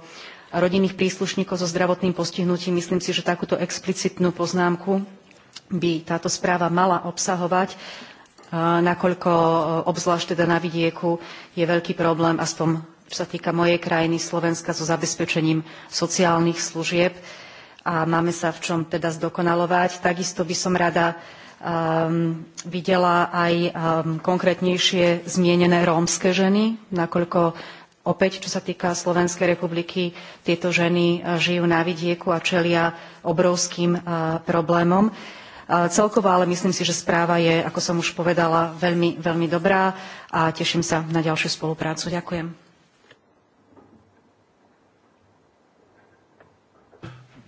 rodinných príslušníkov so zdravotným postihnutím. Myslím si, že takúto explicitnú poznámku by táto správa mala obsahovať, nakoľko obzvlášť teda na vidieku je veľký problém, aspoň čo sa týka mojej krajiny Slovenska, so zabezpečením sociálnych služieb a máme sa v čom teda zdokonalovať. Takisto by som rada videla aj konkrétnejšie zmienené rómske ženy, nakoľko Opäť, čo sa týka Slovenskej republiky, tieto ženy žijú na vidieku a čelia obrovským problémom. Celkovo ale myslím si, že správa je, ako som už povedala, veľmi, veľmi dobrá a teším sa na ďalšiu spoluprácu. Ďakujem.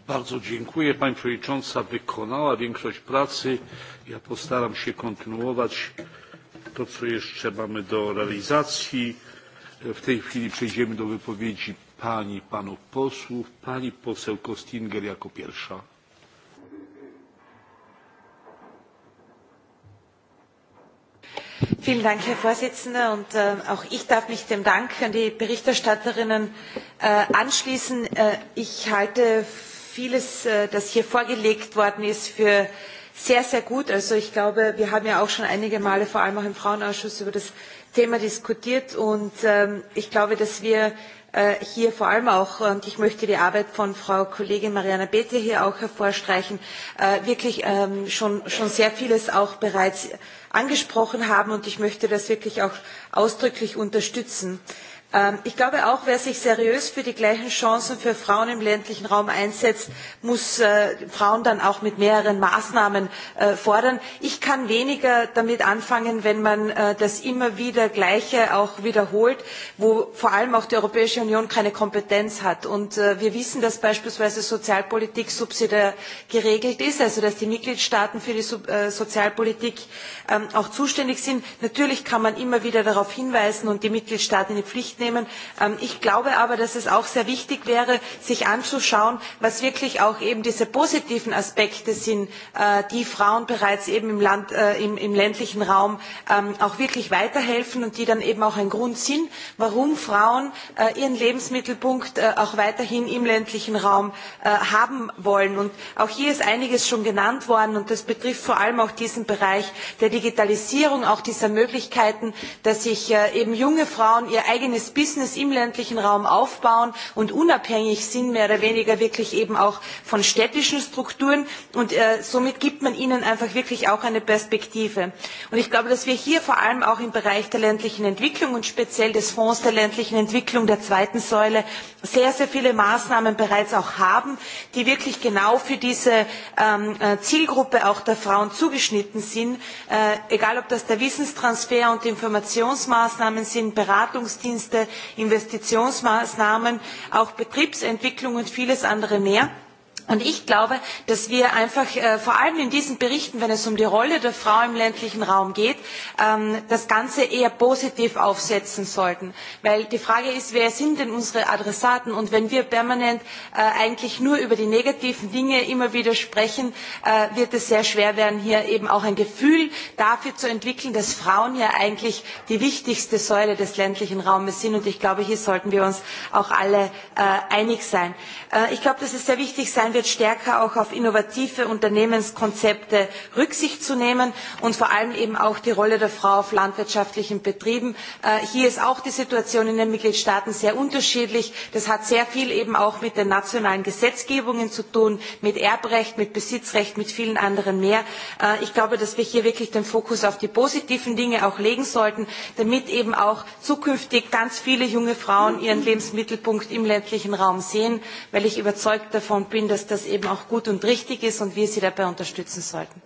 Bardzo dziękuję. Pani Przewodnicząca wykonała większość pracy. Ja postaram się kontynuować to, co jeszcze mamy do realizacji W tej chwili przejdziemy do wypowiedzi pań i panów posłów. Pani poseł Kostinger jako pierwsza. herr präsident! auch ich darf mich dem dank an die berichterstatterinnen anschließen. ich halte vieles das hier vorgelegt worden ist für sehr sehr gut. ich glaube wir haben ja auch schon einige male vor allem auch im frauenausschuss über das Thema diskutiert und ich glaube, dass wir hier vor allem auch, und ich möchte die Arbeit von Frau Kollegin Mariana Bethe hier auch hervorstreichen, wirklich schon, schon sehr vieles auch bereits angesprochen haben und ich möchte das wirklich auch ausdrücklich unterstützen. Äh, Ich glaube auch, wer sich seriös für die gleichen Chancen für Frauen im ländlichen Raum einsetzt, muss Frauen dann auch mit mehreren Maßnahmen fordern. Ich kann weniger damit anfangen, wenn man das immer wieder Gleiche auch wiederholt, wo vor allem auch die Europäische Union keine Kompetenz hat. Und wir wissen, dass beispielsweise Sozialpolitik subsidiär geregelt ist, also dass die Mitgliedstaaten für die Sozialpolitik auch zuständig sind. Natürlich kann man immer wieder darauf hinweisen und die Mitgliedstaaten in die Pflicht Rücksicht nehmen. Ich glaube aber, dass es auch sehr wichtig wäre, sich anzuschauen, was wirklich auch eben diese positiven Aspekte sind, die Frauen bereits eben im, Land, im, ländlichen Raum auch wirklich weiterhelfen und die dann eben auch ein Grund sind, warum Frauen ihren Lebensmittelpunkt auch weiterhin im ländlichen Raum haben wollen. Und auch hier ist einiges schon genannt worden und das betrifft vor allem auch diesen Bereich der Digitalisierung, auch dieser Möglichkeiten, dass sich eben junge Frauen ihr eigenes eigenes Business im ländlichen Raum aufbauen und unabhängig sind, mehr oder weniger wirklich eben auch von städtischen Strukturen. Und somit gibt man ihnen einfach wirklich auch eine Perspektive. Und ich glaube, dass wir hier vor allem auch im Bereich der ländlichen Entwicklung und speziell des Fonds der ländlichen Entwicklung der zweiten Säule sehr, sehr viele Maßnahmen bereits auch haben, die wirklich genau für diese Zielgruppe auch der Frauen zugeschnitten sind, egal ob das der Wissenstransfer und Informationsmaßnahmen sind, Beratungsdienste, Investitionsmaßnahmen, auch Betriebsentwicklung und vieles andere mehr Und ich glaube, dass wir einfach vor allem in diesen Berichten, wenn es um die Rolle der Frau im ländlichen Raum geht, das Ganze eher positiv aufsetzen sollten. Weil die Frage ist, wer sind denn unsere Adressaten? Und wenn wir permanent eigentlich nur über die negativen Dinge immer wieder sprechen, wird es sehr schwer werden, hier eben auch ein Gefühl dafür zu entwickeln, dass Frauen ja eigentlich die wichtigste Säule des ländlichen Raumes sind. Und ich glaube, hier sollten wir uns auch alle einig sein. Ich glaube, dass es sehr wichtig sein wird stärker auch auf innovative Unternehmenskonzepte Rücksicht zu nehmen und vor allem eben auch die Rolle der Frau auf landwirtschaftlichen Betrieben. Hier ist auch die Situation in den Mitgliedstaaten sehr unterschiedlich. Das hat sehr viel eben auch mit den nationalen Gesetzgebungen zu tun, mit Erbrecht, mit Besitzrecht, mit vielen anderen mehr. Ich glaube, dass wir hier wirklich den Fokus auf die positiven Dinge auch legen sollten, damit eben auch zukünftig ganz viele junge Frauen ihren Lebensmittelpunkt im ländlichen Raum sehen, weil ich überzeugt davon bin, dass das eben auch gut und richtig ist und wir Sie dabei unterstützen sollten.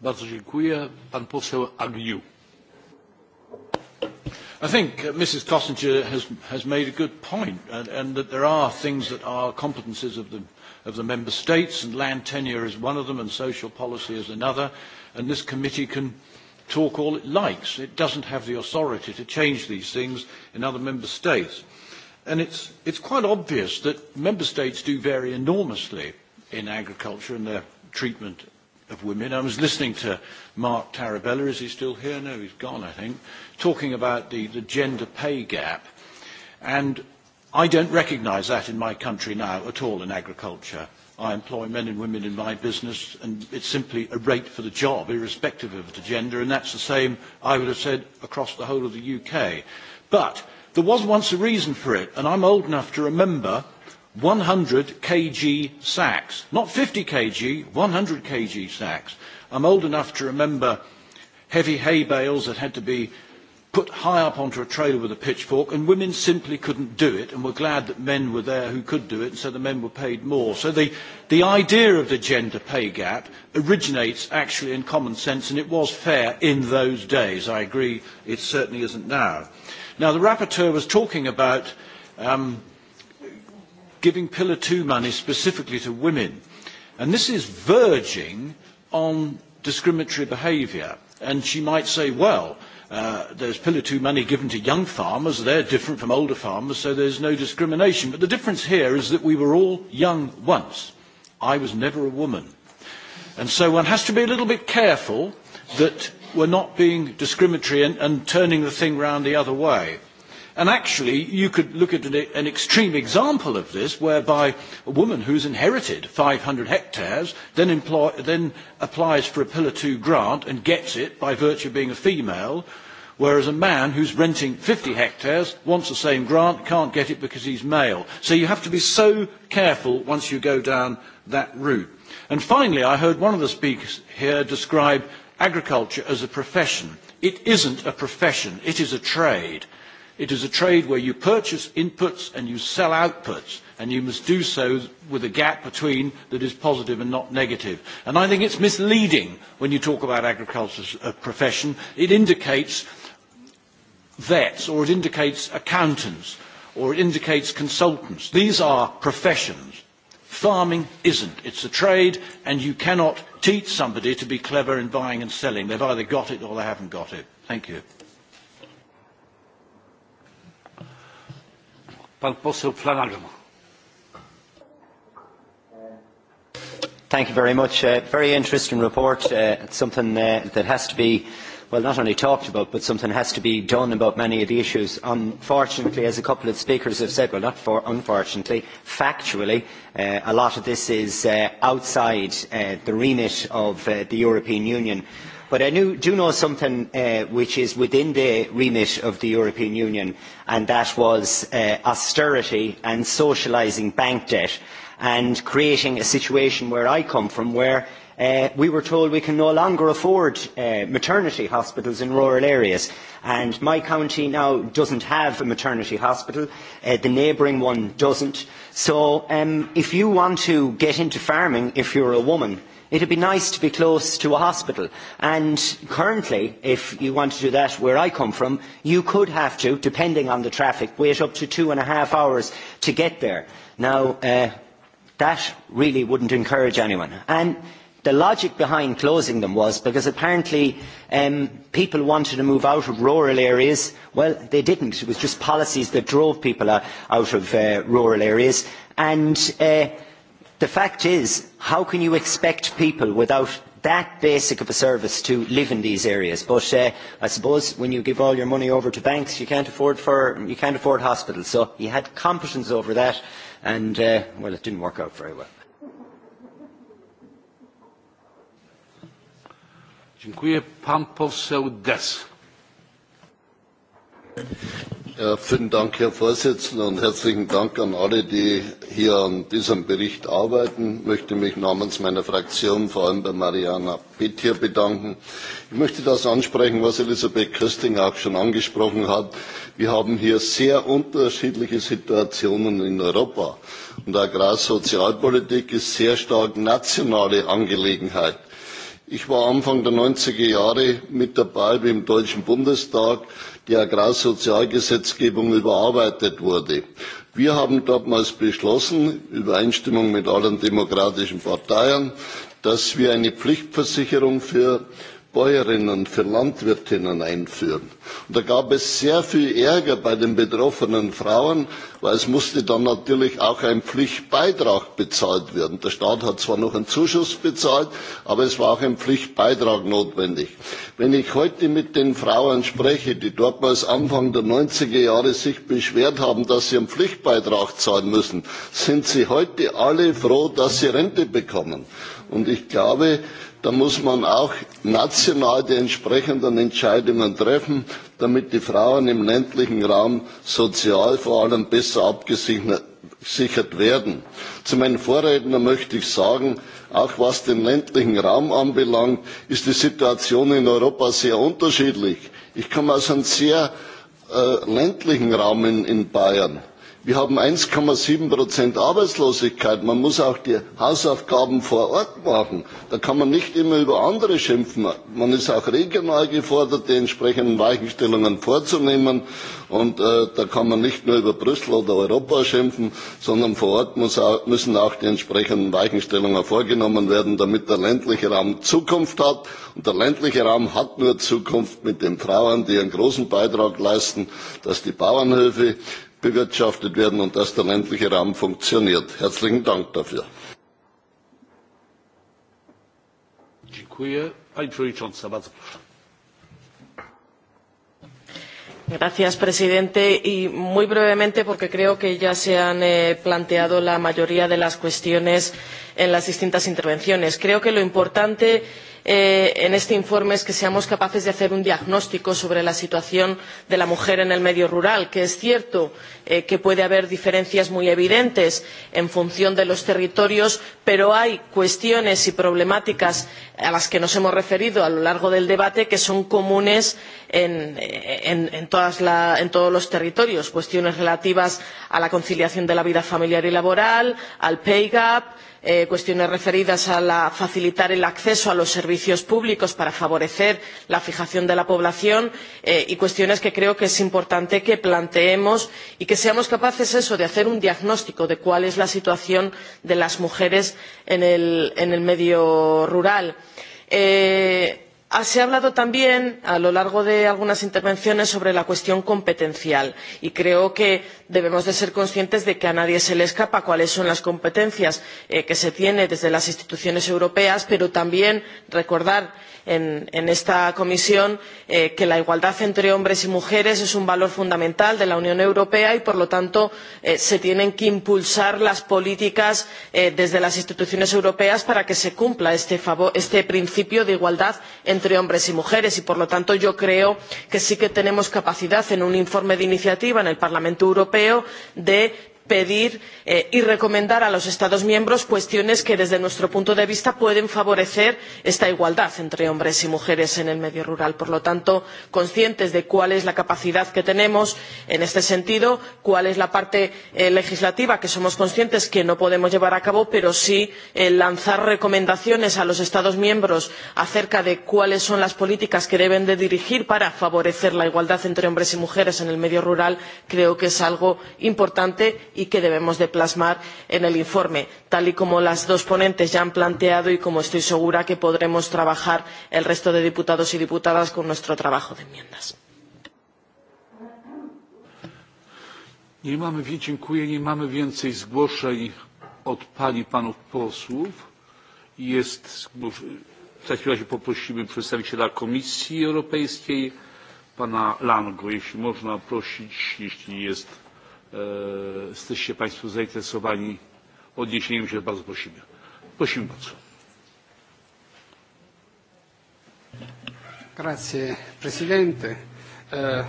Bardzo dziękuję. Pan poseł Agniu. I think Mrs. Kossinger has, has made a good point, and, and that there are things that are competences of the, of the member states, and land tenure is one of them, and social policy is another, and this committee can, talk all it likes. It doesn't have the authority to change these things in other member states. And it's, it's quite obvious that member states do vary enormously in agriculture and their treatment of women. I was listening to Mark Tarabella, is he still here? No, he's gone, I think, talking about the, the gender pay gap. And I don't recognise that in my country now at all in agriculture. I employ men and women in my business, and it's simply a rate for the job, irrespective of the gender, and that's the same, I would have said, across the whole of the UK. But there was once a reason for it, and I'm old enough to remember 100 kg sacks. Not 50 kg, 100 kg sacks. I'm old enough to remember heavy hay bales that had to be put high up onto a trailer with a pitchfork, and women simply couldn't do it, and were glad that men were there who could do it, and so the men were paid more. So the, the idea of the gender pay gap originates actually in common sense, and it was fair in those days. I agree it certainly isn't now. Now, the rapporteur was talking about um, giving Pillar 2 money specifically to women, and this is verging on discriminatory behaviour. And she might say, well, There is Pillar Two money given to young farmers. They are different from older farmers, so there is no discrimination. But the difference here is that we were all young once. I was never a woman. And so one has to be a little bit careful that we are not being discriminatory and, turning the thing round the other way. And actually, you could look at an extreme example of this, whereby a woman who's inherited 500 hectares then, employ, then applies for a Pillar 2 grant and gets it by virtue of being a female, whereas a man who's renting 50 hectares wants the same grant, can't get it because he's male. So you have to be so careful once you go down that route. And finally, I heard one of the speakers here describe agriculture as a profession. It isn't a profession, it is a trade It is a trade where you purchase inputs and you sell outputs, and you must do so with a gap between that is positive and not negative. And I think it's misleading when you talk about agriculture as a profession. It indicates vets, or it indicates accountants, or it indicates consultants. These are professions. Farming isn't. It's a trade, and you cannot teach somebody to be clever in buying and selling. They've either got it or they haven't got it. Thank you. Pan poseł Flanagan. Thank you very much. Uh, very interesting report. Uh, it's something uh, that has to be uh, well, not only talked about, but something has to be done about many of the issues. Unfortunately, as a couple of speakers have said, well, not for, unfortunately, factually, uh, a lot of this is uh, outside uh, the remit of uh, the European Union. But I knew, do know something uh, which is within the remit of the European Union, and that was uh, austerity and socialising bank debt and creating a situation where I come from where we were told we can no longer afford maternity hospitals in rural areas. And my county now does not have a maternity hospital. the neighbouring one does not. So if you want to get into farming, if you are a woman, it would be nice to be close to a hospital. And currently, if you want to do that where I come from, you could have to, depending on the traffic, wait up to two and a half hours to get there. Now, that really would not encourage anyone. And The logic behind closing them was because apparently people wanted to move out of rural areas. Well, they didn't. It was just policies that drove people out of rural areas. And the fact is, how can you expect people without that basic of a service to live in these areas. But uh, I suppose when you give all your money over to banks, you can't afford for you can't afford hospitals. So he had competence over that, and uh, well, it didn't work out very well. Dziękuję. Pan poseł Vielen Dank, Herr Vorsitzender, und herzlichen Dank an alle, die hier an diesem Bericht arbeiten. Ich möchte mich namens meiner Fraktion vor allem bei Mariana Petir bedanken. Ich möchte das ansprechen, was Elisabeth Köstinger auch schon angesprochen hat. Wir haben hier sehr unterschiedliche Situationen in Europa. Und Agrarsozialpolitik ist sehr stark nationale Angelegenheit. Ich war Anfang der 90er Jahre mit dabei wie im Deutschen Bundestag, die Agrarsozialgesetzgebung überarbeitet wurde. Wir haben damals beschlossen, in Übereinstimmung mit allen demokratischen Parteien, dass wir eine Pflichtversicherung für Bäuerinnen, für Landwirtinnen einführen. Und da gab es sehr viel Ärger bei den betroffenen Frauen, weil es musste dann natürlich auch ein Pflichtbeitrag bezahlt werden. Der Staat hat zwar noch einen Zuschuss bezahlt, aber es war auch ein Pflichtbeitrag notwendig. Wenn ich heute mit den Frauen spreche, die dortmals Anfang der 90er Jahre sich beschwert haben, dass sie einen Pflichtbeitrag zahlen müssen, sind sie heute alle froh, dass sie Rente bekommen. Und ich glaube, Da muss man auch national die entsprechenden Entscheidungen treffen, damit die Frauen im ländlichen Raum sozial vor allem besser abgesichert werden. Zu meinen Vorrednern möchte ich sagen, auch was den ländlichen Raum anbelangt, ist die Situation in Europa sehr unterschiedlich. Ich komme aus einem sehr ländlichen Raum in Bayern wir haben eins sieben arbeitslosigkeit man muss auch die hausaufgaben vor ort machen da kann man nicht immer über andere schimpfen man ist auch regional gefordert die entsprechenden weichenstellungen vorzunehmen und da kann man nicht nur über brüssel oder europa schimpfen sondern vor ort müssen auch die entsprechenden weichenstellungen vorgenommen werden damit der ländliche raum zukunft hat und der ländliche raum hat nur zukunft mit den frauen die einen großen beitrag leisten dass die bauernhöfe bewirtschaftet werden und dass der ländliche Raum funktioniert. Herzlichen Dank dafür. Señor presidente. Y muy brevemente, porque creo que ya se han planteado la mayoría de las cuestiones en las distintas intervenciones. Creo que lo importante es en este informe es que seamos capaces de hacer un diagnóstico sobre la situación de la mujer en el medio rural que es cierto que puede haber diferencias muy evidentes en función de los territorios pero hay cuestiones y problemáticas a las que nos hemos referido a lo largo del debate que son comunes en todos los territorios cuestiones relativas a la conciliación de la vida familiar y laboral al pay gap cuestiones referidas a facilitar el acceso a los servicios servicios públicos para favorecer la fijación de la población y cuestiones que creo que es importante que planteemos y que seamos capaces de hacer un diagnóstico de cuál es la situación de las mujeres en el medio rural se ha hablado también a lo largo de algunas intervenciones sobre la cuestión competencial y creo que debemos ser conscientes de que a nadie se le escapa cuáles son las competencias que se tienen desde las instituciones europeas pero también recordar que en, esta comisión que la igualdad entre hombres y mujeres es un valor fundamental de la Unión Europea y, por lo tanto, se tienen que impulsar las políticas desde las instituciones europeas para que se cumpla este principio de igualdad entre hombres y mujeres. Y, por lo tanto, yo creo que sí que tenemos capacidad en un informe de iniciativa en el Parlamento Europeo de pedir y recomendar a los Estados miembros cuestiones que desde nuestro punto de vista pueden favorecer esta igualdad entre hombres y mujeres en el medio rural. Por lo tanto, conscientes de cuál es la capacidad que tenemos en este sentido, cuál es la parte legislativa que somos conscientes que no podemos llevar a cabo, pero sí lanzar recomendaciones a los Estados miembros acerca de cuáles son las políticas que deben dirigir para favorecer la igualdad entre hombres y mujeres en el medio rural, creo que es algo importante y y que debemos plasmar en el informe tal y como las dos ponentes ya han planteado y como estoy segura de que podremos trabajar el resto de diputados y diputadas con nuestro trabajo de enmiendas. Nie mamy, dziękuję, nie mamy więcej zgłoszeń od pani i panów posłów. Jest, w takim razie poprosimy przedstawiciela Komisji Europejskiej, pana Lango, jeśli można prosić, jeśli jest jesteście Państwo zainteresowani odniesieniem się, bardzo prosimy. Prosimy bardzo. Grazie Presidente. Eh,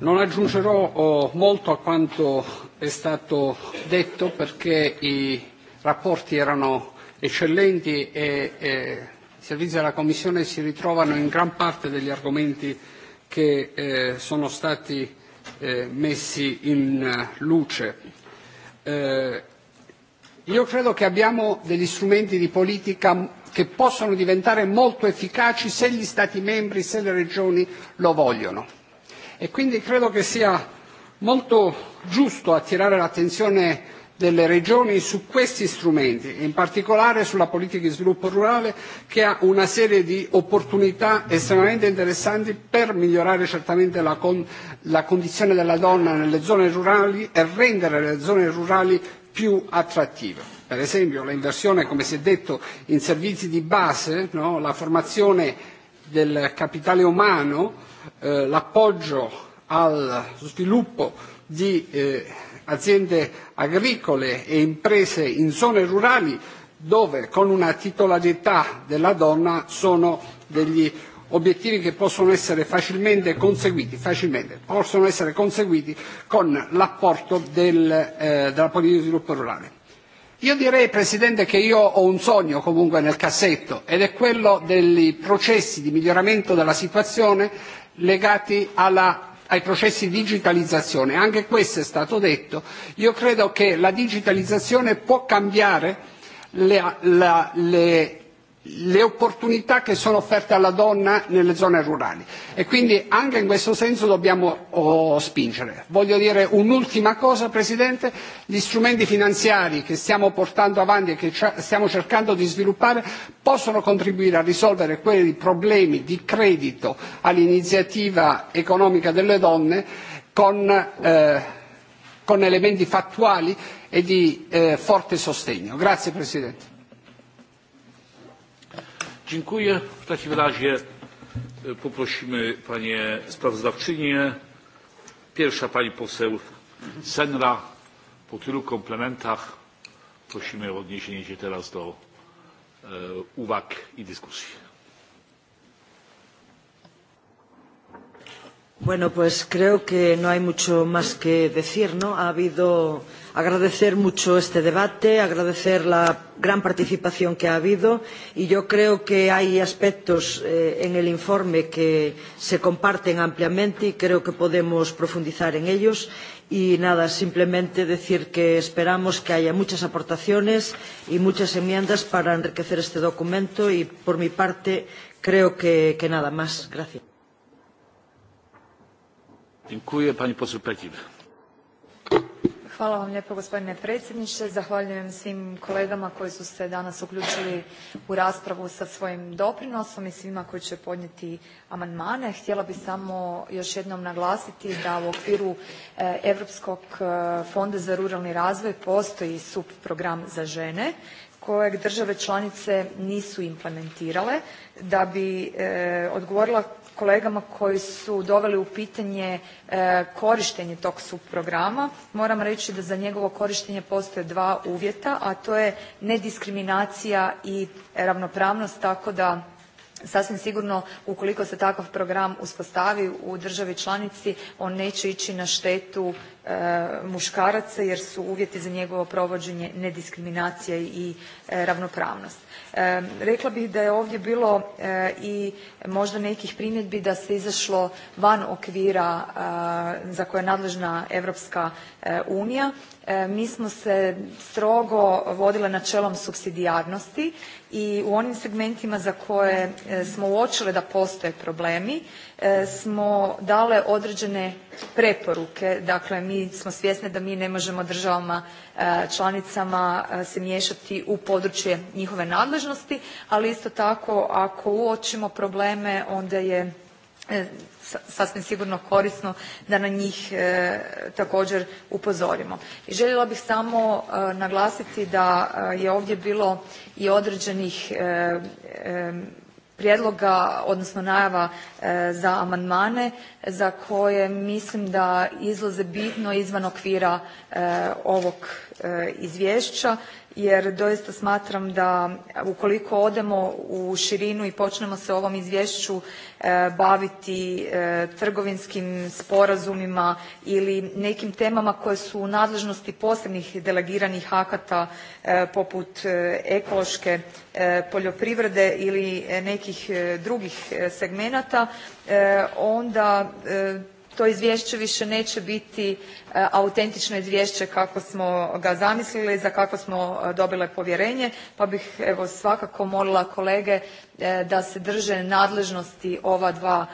non aggiungerò molto a quanto è stato detto perché i rapporti erano eccellenti e eh, i servizi della Commissione si ritrovano in gran parte degli argomenti che eh, sono stati eh, messi in luce. Eh, io credo che abbiamo degli strumenti di politica che possono diventare molto efficaci se gli Stati membri, se le regioni lo vogliono. E quindi credo che sia molto giusto attirare l'attenzione delle regioni su questi strumenti, in particolare sulla politica di sviluppo rurale che ha una serie di opportunità estremamente interessanti per migliorare certamente la, con, la condizione della donna nelle zone rurali e rendere le zone rurali più attrattive. Per esempio l'inversione, come si è detto, in servizi di base, no? la formazione del capitale umano, eh, l'appoggio al sviluppo di eh, aziende agricole e imprese in zone rurali dove con una titolarità della donna sono degli obiettivi che possono essere facilmente conseguiti, facilmente, possono essere conseguiti con l'apporto del, eh, della politica di sviluppo rurale. Io direi, Presidente, che io ho un sogno comunque nel cassetto ed è quello dei processi di miglioramento della situazione legati alla ai processi di digitalizzazione. Anche questo è stato detto. Io credo che la digitalizzazione può cambiare le, la, le le opportunità che sono offerte alla donna nelle zone rurali e quindi anche in questo senso dobbiamo oh, spingere. Voglio dire un'ultima cosa Presidente, gli strumenti finanziari che stiamo portando avanti e che stiamo cercando di sviluppare possono contribuire a risolvere quei problemi di credito all'iniziativa economica delle donne con, eh, con elementi fattuali e di eh, forte sostegno. Grazie Presidente. Dziękuję. W takim razie poprosimy panie sprawozdawczynię. Pierwsza pani poseł Senra. Po tylu komplementach prosimy o odniesienie się teraz do uwag i dyskusji. Bueno, pues creo que no hay mucho más que decir, ¿no? Ha habido agradecer mucho este debate, agradecer la gran participación que ha habido y yo creo que hay aspectos en el informe que se comparten ampliamente y creo que podemos profundizar en ellos. Y nada, simplemente decir que esperamos que haya muchas aportaciones y muchas enmiendas para enriquecer este documento y por mi parte creo que, nada más. Gracias. Dziękuję pani poseł Hvala vam lijepo gospodine predsjedniče. Zahvaljujem svim kolegama koji su se danas uključili u raspravu sa svojim doprinosom i svima koji će podnijeti amandmane. Htjela bih samo još jednom naglasiti da u okviru Europskog fonda za ruralni razvoj postoji subprogram za žene kojeg države članice nisu implementirale da bi odgovorila kolegama koji su doveli u pitanje korištenje tog subprograma. Moram reći da za njegovo korištenje postoje dva uvjeta, a to je nediskriminacija i ravnopravnost, tako da sasvim sigurno ukoliko se takav program uspostavi u državi članici on neće ići na štetu muškaraca jer su uvjeti za njegovo provođenje nediskriminacija i ravnopravnost. Rekla bih da je ovdje bilo i možda nekih primjedbi da se izašlo van okvira za koje je nadležna Europska unija. Mi smo se strogo vodili načelom supsidijarnosti i u onim segmentima za koje smo uočile da postoje problemi smo dale određene preporuke. Dakle, mi smo svjesne da mi ne možemo državama članicama se miješati u područje njihove nadležnosti, ali isto tako ako uočimo probleme onda je sasvim sigurno korisno da na njih također upozorimo. I željela bih samo naglasiti da je ovdje bilo i određenih prijedloga, odnosno najava za amandmane za koje mislim da izlaze bitno izvan okvira ovog izvješća jer doista smatram da ukoliko odemo u širinu i počnemo se u ovom izvješću baviti trgovinskim sporazumima ili nekim temama koje su u nadležnosti posebnih delegiranih akata poput ekološke poljoprivrede ili nekih drugih segmenata onda to izvješće više neće biti autentično izvješće kako smo ga zamislili, za kako smo dobili povjerenje, pa bih evo svakako molila kolege da se drže nadležnosti ova dva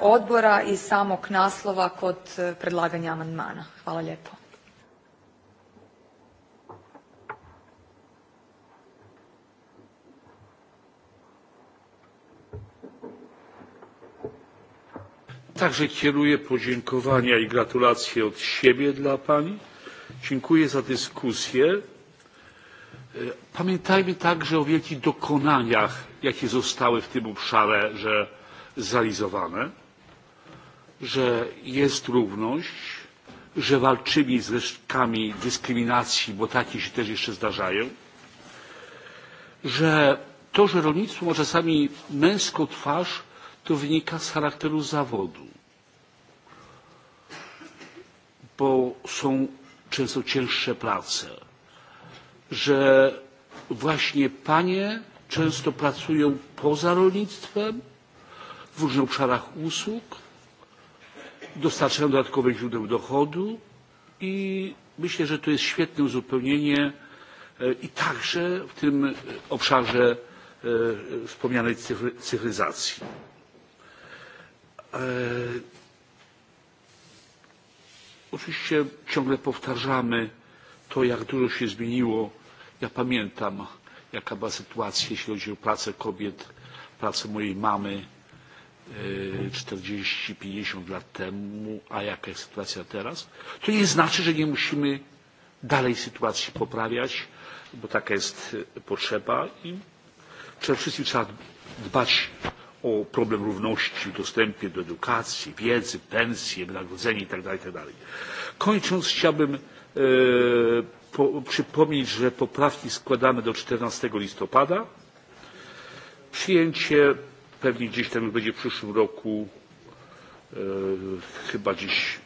odbora i samog naslova kod predlaganja amandmana. Hvala lijepo. Także kieruję podziękowania i gratulacje od siebie dla Pani. Dziękuję za dyskusję. Pamiętajmy także o wielkich dokonaniach, jakie zostały w tym obszarze że zrealizowane, że jest równość, że walczymy z resztkami dyskryminacji, bo takie się też jeszcze zdarzają, że to, że rolnictwo ma czasami męską twarz, to wynika z charakteru zawodu, bo są często cięższe prace, że właśnie panie często pracują poza rolnictwem, w różnych obszarach usług, dostarczają dodatkowych źródeł dochodu i myślę, że to jest świetne uzupełnienie i także w tym obszarze wspomnianej cyfryzacji Oczywiście ciągle powtarzamy to, jak dużo się zmieniło. Ja pamiętam, jaka była sytuacja, jeśli chodzi o pracę kobiet, pracę mojej mamy 40-50 lat temu, a jaka jest sytuacja teraz. To nie znaczy, że nie musimy dalej sytuacji poprawiać, bo taka jest potrzeba i przede wszystkim trzeba dbać o problem równości w dostępie do edukacji, wiedzy, pensje, wynagrodzenie itd. itd. Kończąc, chciałbym przypomnieć, że poprawki składamy do 14 listopada. Przyjęcie pewnie gdzieś tam będzie w przyszłym roku, chyba gdzieś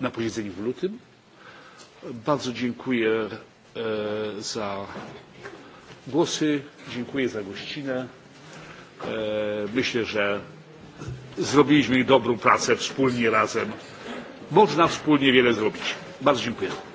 na posiedzeniu w lutym. Bardzo dziękuję za głosy, dziękuję za gościnę. Myślę, że zrobiliśmy dobrą pracę wspólnie, razem. Można wspólnie wiele zrobić. Bardzo dziękuję.